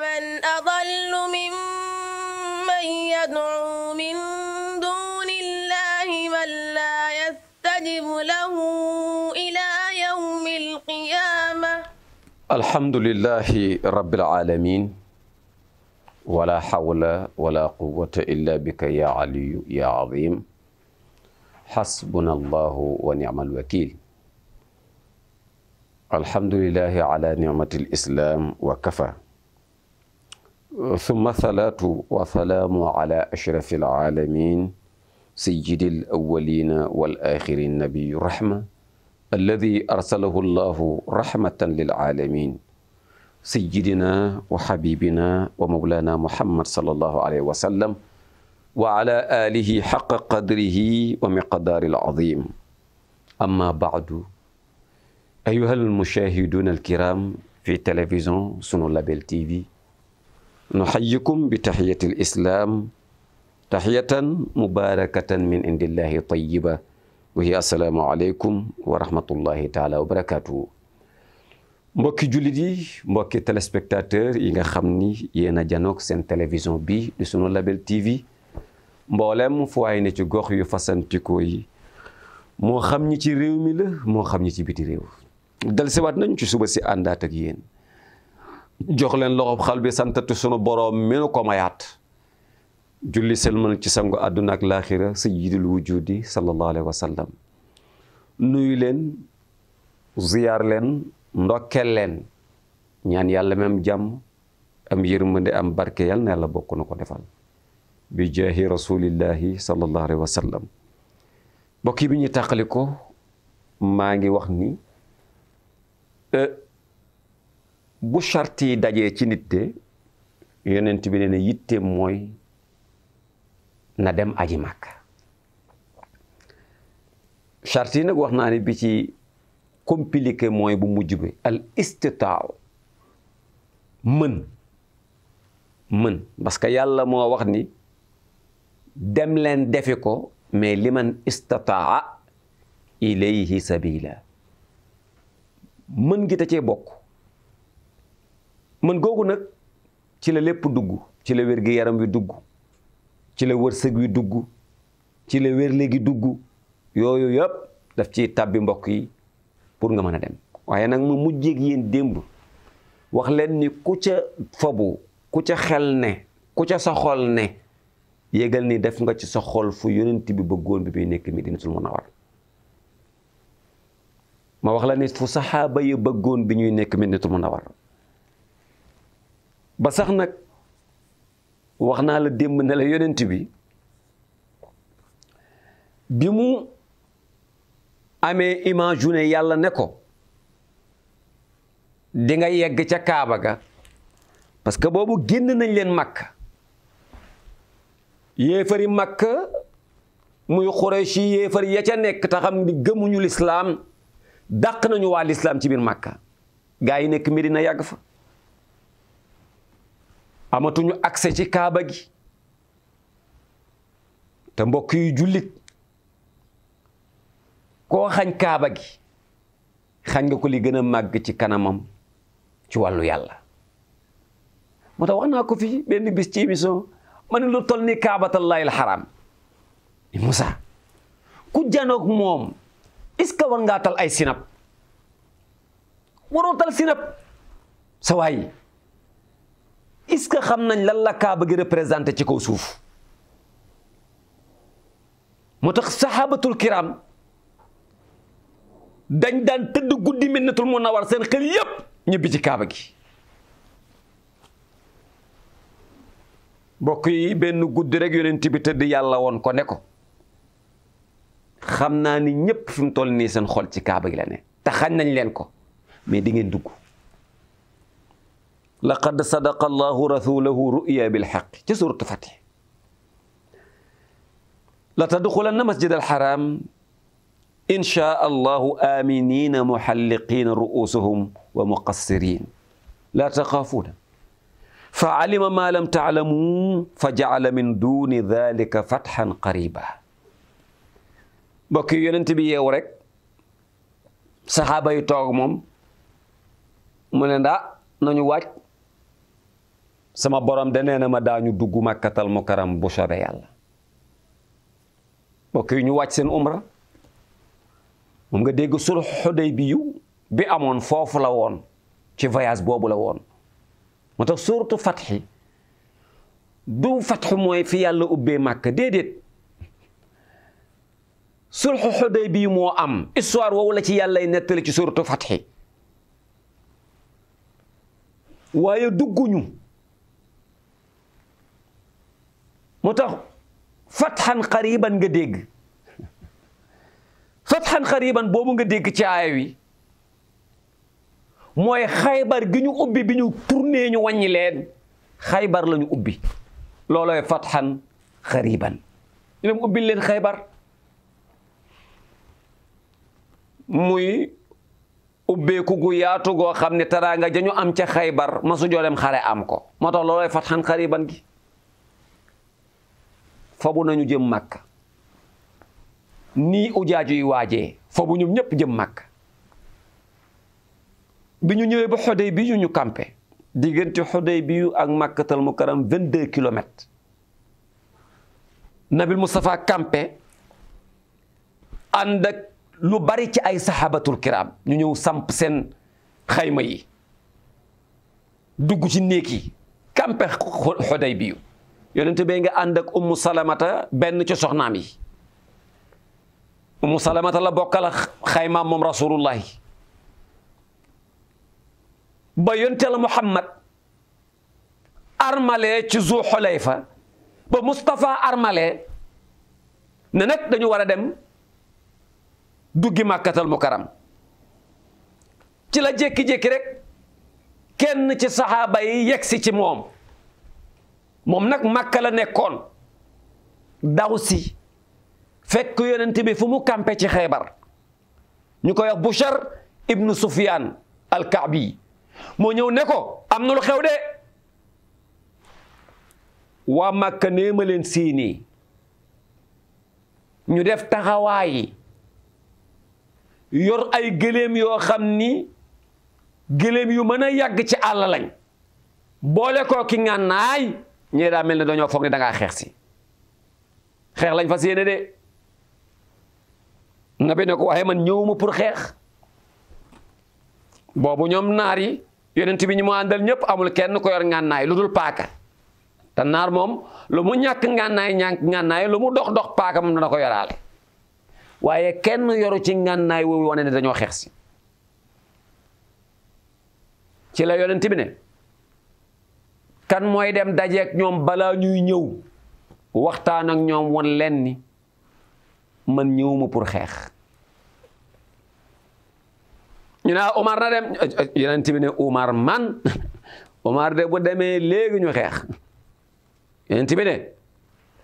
من أضل ممن يدعو من دون الله من لا يستجب له إلى يوم القيامة الحمد لله رب العالمين ولا حول ولا قوة إلا بك يا علي يا عظيم حسبنا الله ونعم الوكيل الحمد لله على نعمة الإسلام وكفى summa salaatu wa salaamu ala ashrafi alaalamin sayyidi alawalina wal axirin nabiyu rahma alladi arsalahu llahu rahmatan lilaalamin sayyidina wa xabibina wa mawlana muhammad sallallahu alayhi wa sallam wa ala alihi xaqa qadrihi wa miqdaari alazim amma baadu ayuha almushahiduna alkiram fi télévision sunu label tv nuxayikum bi taxiyati l islaam taxiyatan mubarakatan min indillahi tayiba wa hiya assalaamu aleykum wa rahmatullahi taala wa barakatuhu mbokki jullit yi mbokki téléspectateur yi nga xam ni yéen a janoog seen télévision bi di sunu label tv mboolem fu waay ne ci gox yu fasantikoo yi moo xam ñi ci réew mi la moo xam ñi ci biti réew dal siwaat nañu ci suba si àndaat ak yéen jox leen loxob xal bi santati sunu boroom minu ko mayaat julli selmal ci sangu àdduna ak laaxira sayyidul wujudi sallallahu alayhi wa sallam nuyu leen ziyaar leen ndokkeel leen ñaan yàlla même jàmm am yërmande am barke yàlla na yàlla bokk ko defal bi jaahi rasulillahi sallallahu alayhi wa sallam mbokk yi bi ko maa ngi wax ni eh, bu charte dajee ci nit te yonent bi nee na yitteem mooy na dem aji màkk charte nag wax naa ne bi ci compliqué mooy bu mujj bi al istitaaw mën mën parce que yàlla moo wax ni dem leen defi ko mais liman istataa ilayhi sabila mën gi ta cee bokk mën googu nag ci la lépp dugg ci la wér gi yaram wi dugg ci la wërsëg wi dugg ci la wér léegi dugg yooyu yëpp daf ci tàbbi mbokk yi pour nga mën a dem waaye nag mu mujjeeg yéen démb wax leen ni ku ca fobu ku ca xel ne ku ca sa xol ne yégal ni def nga ci sa xol fu yonent bi bëggoon bi muy nekk a war ma wax la ni fu saxaaba yi bëggoon bi ñuy nekk a Munawwar ba sax nag wax naa la démb na la yonent bi bi mu amee image yu yàlla ne ko di nga yegg ca Kaaba ga parce que boobu génn nañ leen Makka yéefari Makka muy Xurayshi yéefar ya ca nekk tax am ni gëmuñu lislaam dàq nañu waa lislaam ci biir Makka gaa yi nekk na yàgg fa amatuñu accès ci kaaba gi te mbokk yu jullit koo xañ kaaba gi xañ nga ko li gën a màgg ci kanamam ci wàllu yàlla moo tax wax ko fii benn bis ci émission ma ne lu toll ni kaabatallahil xaram ni Moussa ku janoog moom est-ce que war ngaa tal ay sinap waroo tal sinap sa waay est-ce que xam nañ lan la kaaba gi représenté ci kaw suuf moo tax saxaabatul kiram dañ daan tëdd guddi na war seen xel yépp ñibbi ci kaaba gi mbokk yi benn guddi rek yonent bi tëdd yàlla woon ko ne ko xam naa ni ñépp fi mu toll nii seen xol ci kaaba gi la ne te xañ nañ leen ko mais di ngeen laqad sadaqa allahu rasulahu ruya bilxaq ci suratu fatih la tadxulanna masjid alxaram inchaa allahu aminina muxalliqina ru'usuhum wa muqassirin la taxaafuuna fa alima ma lam taalamu fa jacala min duni dalika fatxan qariba mbokk yi yonent bi yeew rek saxaaba yi toog moom mu ne ndaa nañu waaj sama borom de nee na ma daañu dugg màkkatal mukaram bu soobee yàlla mbokk yi ñu wàcc seen umra moom nga dégg sulh Hudaybiya bi amoon foofu la woon ci voyage boobu la woon moo tax suuratu fatxi du fatxu mooy fi yàlla ubbee màkka déedéet sulxu Xudaybiya moo am histoire woowu la ci yàllay nettali ci suuratu fatxi waaye dugguñu moo tax fatxan xariban nga dégg fatxan xariban boobu nga dégg ci aaya wi mooy xaybar gi ñu ubbi bi ñu tourné ñu wàññi leen xaybar lañu ñu ubbi loolooy fatxan xariban ñu dem ubbil leen xaybar muy ubbeeku gu yaatu goo xam ne teraanga ja ñu am ca xaybar masu joo dem xare am ko moo tax loolooy fatxan xariban gi fabu nañu jëm màkk nii ujaaju yi waajee fabu ñoom ñépp jëm màkk bi ñu ñëwee ba xoday bi ñu ñu kampe diggante xoday bi yu ak mu mukaram vingt deux kilomètres nabil moustapha campé ànd lu bari ci ay sahabatul kiram ñu ñëw samp seen xayma yi dugg ci néeg yi campé bi yu yonente bee nga ànd ak ummu salamata benn ci soxnaam yi ummu salamata la bokkal xaymaam moom rasulullahi ba yonte la muhammad armale ci zu xulayfa ba Moustapha armale ne nag dañu war a dem duggi màkkatal mukaram ci la jékki-jékki rek kenn ci saxaaba yi yegsi ci moom moom nag Makka la nekkoon daw si fekk yonent bi fu mu campé ci xeebar ñu koy wax Bushar ibnu Sufyan al-Kaabi moo ñëw ne ko am na lu xew de waa Makka nee ma ñu def taxawaayi yor ay gëléem yoo xam ni gëléem yu mën a yàgg ci àll lañ boole koo ki ngànnaay ñee daa mel ne dañoo foog ne da ngaa xeex si xeex lañ fa yéene de nga bi ne ko waxee man ñëwuma pour xeex boobu ñoom naar yi yonent bi ñu mu àndal ñëpp amul kenn ko yor ngànnaay lu dul paaka te naar moom lu mu ñàkk ngànnaay ñàkk ngànnaay lu mu dox dox paaka moom dana ko yoraale waaye kenn yoru ci ngànnaay woowu wane ne dañoo xeex si ci la yonent ne kan mooy dem dajeeg ñoom balaa ñuy ñëw waxtaan ak ñoom won leen ni man ñëwuma pour xeex ñu ne ah, Omar na dem yeneen bi ne Omar man Omar de bu demee léegi ñu xeex yeneen bi ne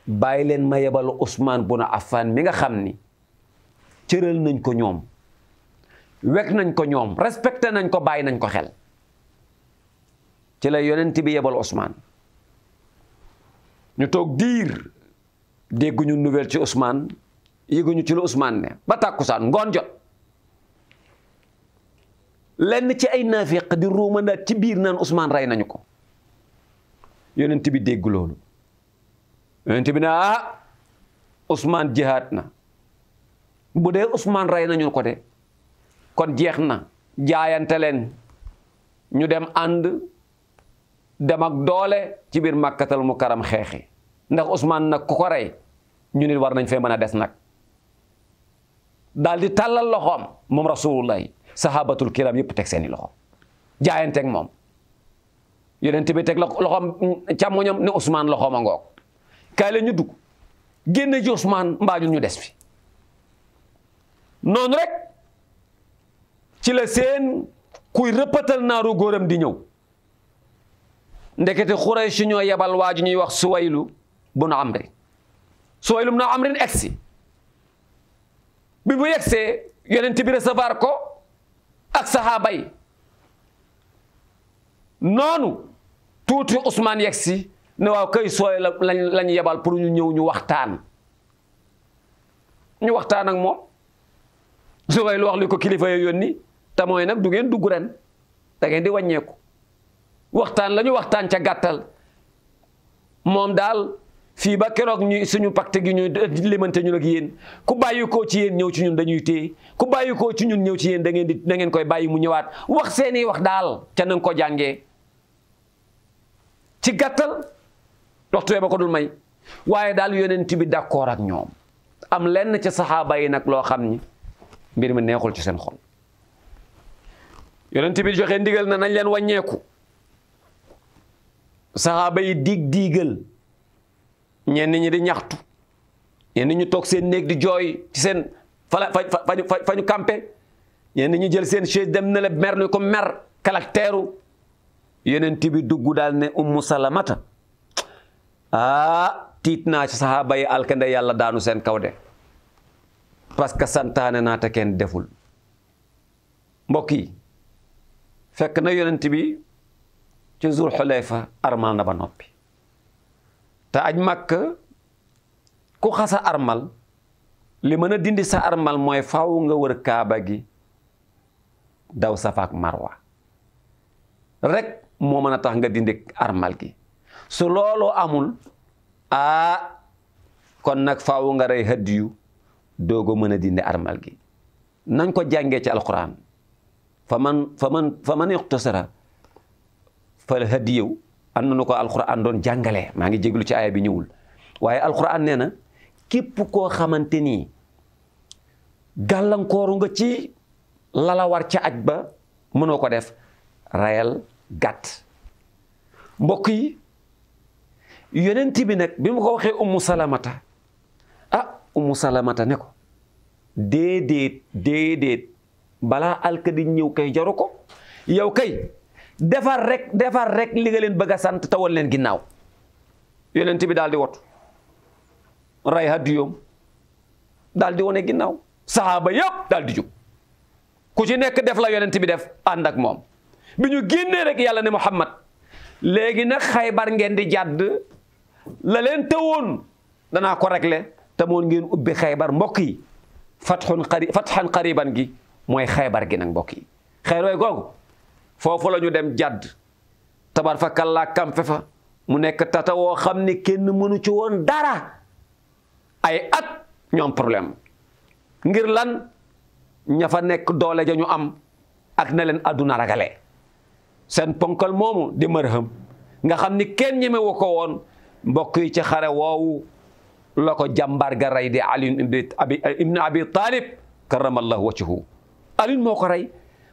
bàyyi leen ma yebal bu bun Affan mi nga xam ni cëral nañ ko ñoom wekk nañ ko ñoom respecté nañ ko bàyyi nañ ko xel ci la yonent bi yebal Ousmane ñu toog diir dégguñu nouvelle ci Ousmane yëguñu ci lu Ousmane ne ba tàkkusaan ngoon jot lenn ci ay naafiq di ruumandaat ci biir naan Ousmane rey nañu ko yonent bi dégg loolu yonent bi ne ah Ousmane jihaat na bu dee Ousmane rey nañu ko de kon jeex na jaayante leen ñu dem ànd dem ak doole ci biir màkkatal mu karam xeexi ndax usmaan nag ku ko rey ñu nit war nañ fee mën a des nag daal di tàllal loxoom moom rasulullahi sahabatul kiram yépp teg seeni loxo jaayanteeg moom yonent bi teg loxoom càmmoñam ne Ousmane loxoom a ngoog kaay la ñu dugg génne ji Ousmane ñu des fi noon rek ci la seen kuy rëppatal naaru góoram di ñëw ndekete Quraysh ñoo yebal waa ju ñuy wax Suwaylu bun Amri Suwaylu bun Amrin egsi bi mu yegsee yonent bi recevoir ko ak sahaaba yi noonu tuuti Ousmane yegsi ne waaw kay sooy la lañ yebal pour ñu ñëw ñu waxtaan ñu waxtaan ak moom Suwaylu wax li ko kilifa yo yónni te mooy nag du ngeen dugg ren da ngeen di wàññeeku waxtaan la ñu waxtaan ca gàttal moom daal fii ba keroog ñu suñu pacte gi ñu limante ñun ak yéen ku bàyyi koo ci yéen ñëw ci ñun dañuy téye ku bàyyi koo ci ñun ñëw ci yéen dangeen di da ngeen koy bàyyi mu ñëwaat wax seeni wax daal ca na nga ko jàngee ci gàttal waxtuwee ba ko dul may waaye daal yonent bi d'accord ak ñoom am lenn ci saxaaba yi nag loo xam ni mbir mi neexul ci seen xol yonent bi joxe ndigal na nañ leen wàññeeku saxaaba yi diig diigal ñenn ñi di ñaxtu ñenn ñu toog seen néeg di jooy ci seen fa fa fa fa ñu campé ñenn ñu jël seen chaise dem na mer ni ko mer caractère yeneen bi dugg daal ne ummu salamata ah tiit naa ci saxaaba yi alkande yàlla daanu seen kawde de parce que santaane naa te kenn deful mbokk yi fekk na yonent bi ci zul xulayfa armal na ba noppi te aj màkka ku xasa armal li mën a dindi sa armal mooy faaw nga wër kaaba gi daw safaak marwa rek moo mën a tax nga dindi armal gi su looloo amul aa kon nag faaw nga rey hadiyu doogo mën a dindi armal gi nañ ko jàngee ci alquran fa man fa man fa man iqtasara fal hadiyu am na ko alquran doon jàngale maa ngi jéglu ci aaya bi ñëwul waaye alquran nee na képp koo xamante nii gàllankooru nga ci lala war ca aj ba mënoo ko def rayal gàtt mbokk yi yonent bi nag bi mu ko waxee ummu salamata ah ummu salamata ne ko déedéet déedéet balaa alkadi ñëw kay jaru ko yow kay defar rek defar rek li nga leen bëgg a sant tawal leen ginnaaw yonent bi daal di wot ray hadiyoom daal di wone ginnaaw saxaaba yëpp daal di jub ku ci nekk def la yonent bi def ànd ak moom bi ñu génnee rek yàlla ne Muhammad léegi nag xaybar ngeen di jàdd la leen teewoon danaa ko réglé te moon ngeen ubbi xaybar mbokk yi fatxun qari gi mooy xaybar gi nag mbokk yi xeerooy googu foofu la ñu dem jàdd tabar fa kallaa kampe fa mu nekk tata woo xam ni kenn mënu ci woon dara ay at ñu problème ngir lan ña fa nekk doole ja ñu am ak na leen àdduna ragale seen ponkal moomu di mërhëm nga xam ni kenn ñemewu ko woon mbokk yi ci xare woowu la ko jàmbaar ga rey di Ali ibn Abi Talib karamallahu wajhu Ali moo ko rey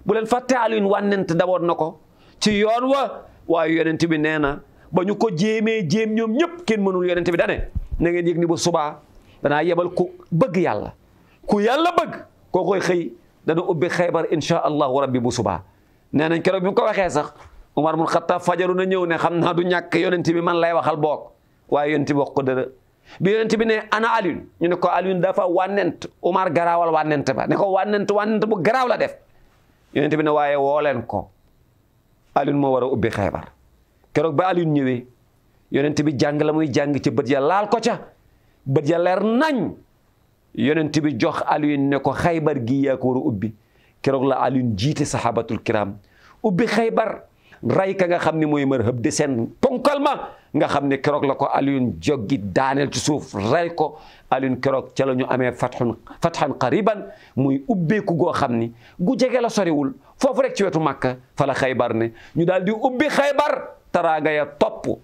bu leen fàtte Alioune wànnent dawoon na ko ci yoon wa waaye yonent bi nee na ba ñu ko jéemee jéem ñoom ñëpp kenn mënul yonent bi dane na ngeen yëg ni bu subaa danaa yebal ku bëgg yàlla ku yàlla bëgg koo koy xëy dana ubbi xaybar insha allahu rabbi bu subaa nee nañ keroog bi mu ko waxee sax Umar mun Xattaab fajaru na ñëw ne xam naa du ñàkk yonent bi man lay waxal boog waaye yonent bi wax ko dara bi yonent bi ne ana Alioune ñu ne ko Alioune dafa wànnent Umar garaawal wànnent ba ne ko wànnent wànnent bu garaaw la def yonent bi ne waaye woo leen ko Alioune moo war a ubbi xeebar keroog ba Alioune ñëwee yonent bi jàng la muy jàng ci bët laal ko ca bët ya leer nañ yonent bi jox Alioune ne ko xaybar gi yaa ko war a ubbi keroog la Alioune jiite sahabatul kiram ubbi xaybar ray ka nga xam ne mooy mër hëb de seen ponkal ma nga xam ne keroog la ko Alioune joggi daaneel ci suuf ray ko Alioune keroog ca la ñu amee fatxun fatxan qariban muy ubbeeku goo xam ni gu jege la soriwul foofu rek ci wetu Màkka fala la xaybar ne ñu daal di ubbi xaybar taraanga ya topp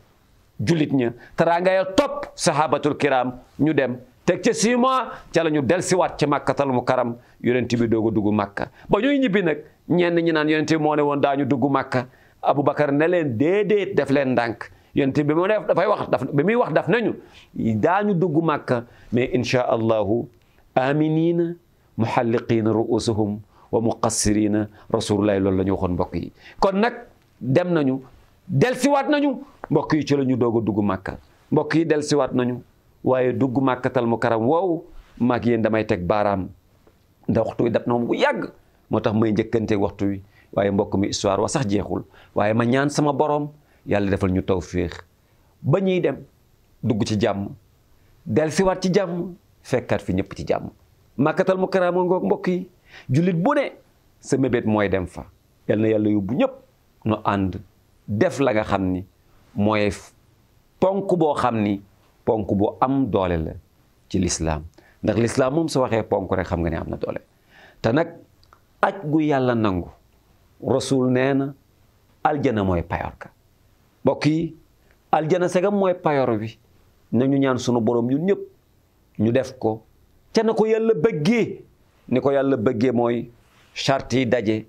jullit ña taraanga ya topp sahabatul kiram ñu dem teg ca six mois ca la ñu delsiwaat ca màkkatal mu karam yonent bi doog a dugg màkka ba ñuy ñibbi nag ñenn ñi naan yonent bi moo ne woon daañu dugg màkka Aboubacar ne leen déedéet def leen ndànk yonent bi mu ne dafay wax daf bi muy wax daf nañu daañu dugg màkka mais inchaa allahu aminina muhalliqiina ru'usuhum wa muqassirina rasulullahi loolu la ñu waxoon mbokk yi kon nag dem nañu delsiwaat nañu mbokk yi ci la ñu doog a dugg màkka mbokk yi delsiwaat nañu waaye dugg màkkatal mu karam woowu maag yéen damay teg baaraam ndax waxtu wi dab na moom bu yàgg moo tax may njëkkante waxtu wi waaye mbokk mi histoire wa sax jeexul waaye ma ñaan sama borom yàlla defal ñu tawféex ba ñuy dem dugg ci jàmm dellusiwaat ci jàmm fekkat fi ñëpp ci jàmm màkkatal mu karaama ngoog mbokk yi jullit bu ne sa mébét mooy dem fa yal na yàlla yóbbu ñëpp nu ànd def la nga xam ni mooy ponk boo xam ni ponk bu am doole la ci lislaam ndax lislaam moom su waxee ponk rek xam nga ne am na doole te nag aj gu yàlla nangu rasul nee na aljana mooy payor ka mbokk yi aljana segam mooy payor bi nañu ñaan sunu borom ñun ñëpp ñu def ko ca na ko yàlla bëggee ni ko yàlla bëggee mooy charti daje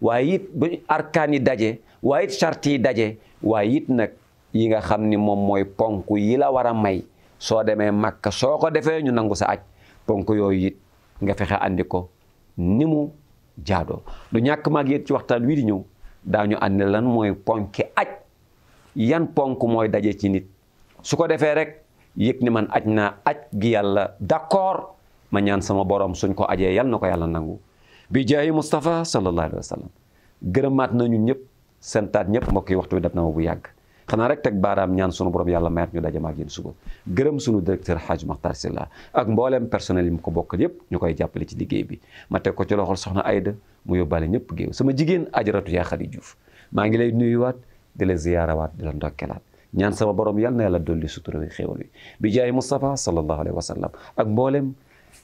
waaye it arkaan daje waaye it yi daje waaye it nag yi nga xam ni moom mooy ponk yi la war a may soo demee Makka soo ko defee ñu nangu sa aj ponk yooyu it nga fexe andi ko ni jaadoo lu ñàkk maag yéen ci waxtaan wi di ñëw daañu ànd lan mooy ponk aj yan ponk mooy daje ci nit su ko defee rek yëg ni man aj na aj gi yàlla d'accord ma ñaan sama borom suñ ko ajee yal na ko yàlla nangu bi jaayi Moustapha sallallahu alayhi wa sallam gërëmaat nañu ñëpp santaat ñëpp mbokk yi waxtu wi def na ma bu yàgg xanaa rek teg baaraam ñaan sunu borom yàlla mayat ñu daje ma ak yéen suba gërëm sunu directeur Hadj Makhtar Sylla ak mbooleem personnel yi mu ko bokkal yépp ñu koy jàppale ci liggéey bi ma teg ko ci loxol soxna Aida mu yóbbaale ñëpp géew sama jigéen ajaratu yaa xari Diouf maa ngi lay waat di la ziyaarawaat di la ndokkeelaat ñaan sama borom yàlla na yàlla dolli sutura wi xéwal wi bi jaay Moustapha sallallahu alayhi wa sallam ak mbooleem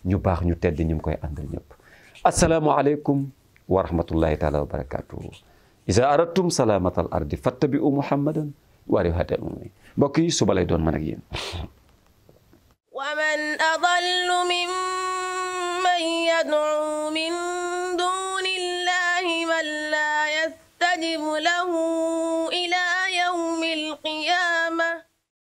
ñu baax ñu tedd ñu ngi koy àndal ñëpp asalaamualeykum wa rahmatullahi taala wa barakatuhu ida aradtum salaamata al warihatal mu'minin mbokk yi suba lay doon man ak yéen wa man adallu mimman yad'u min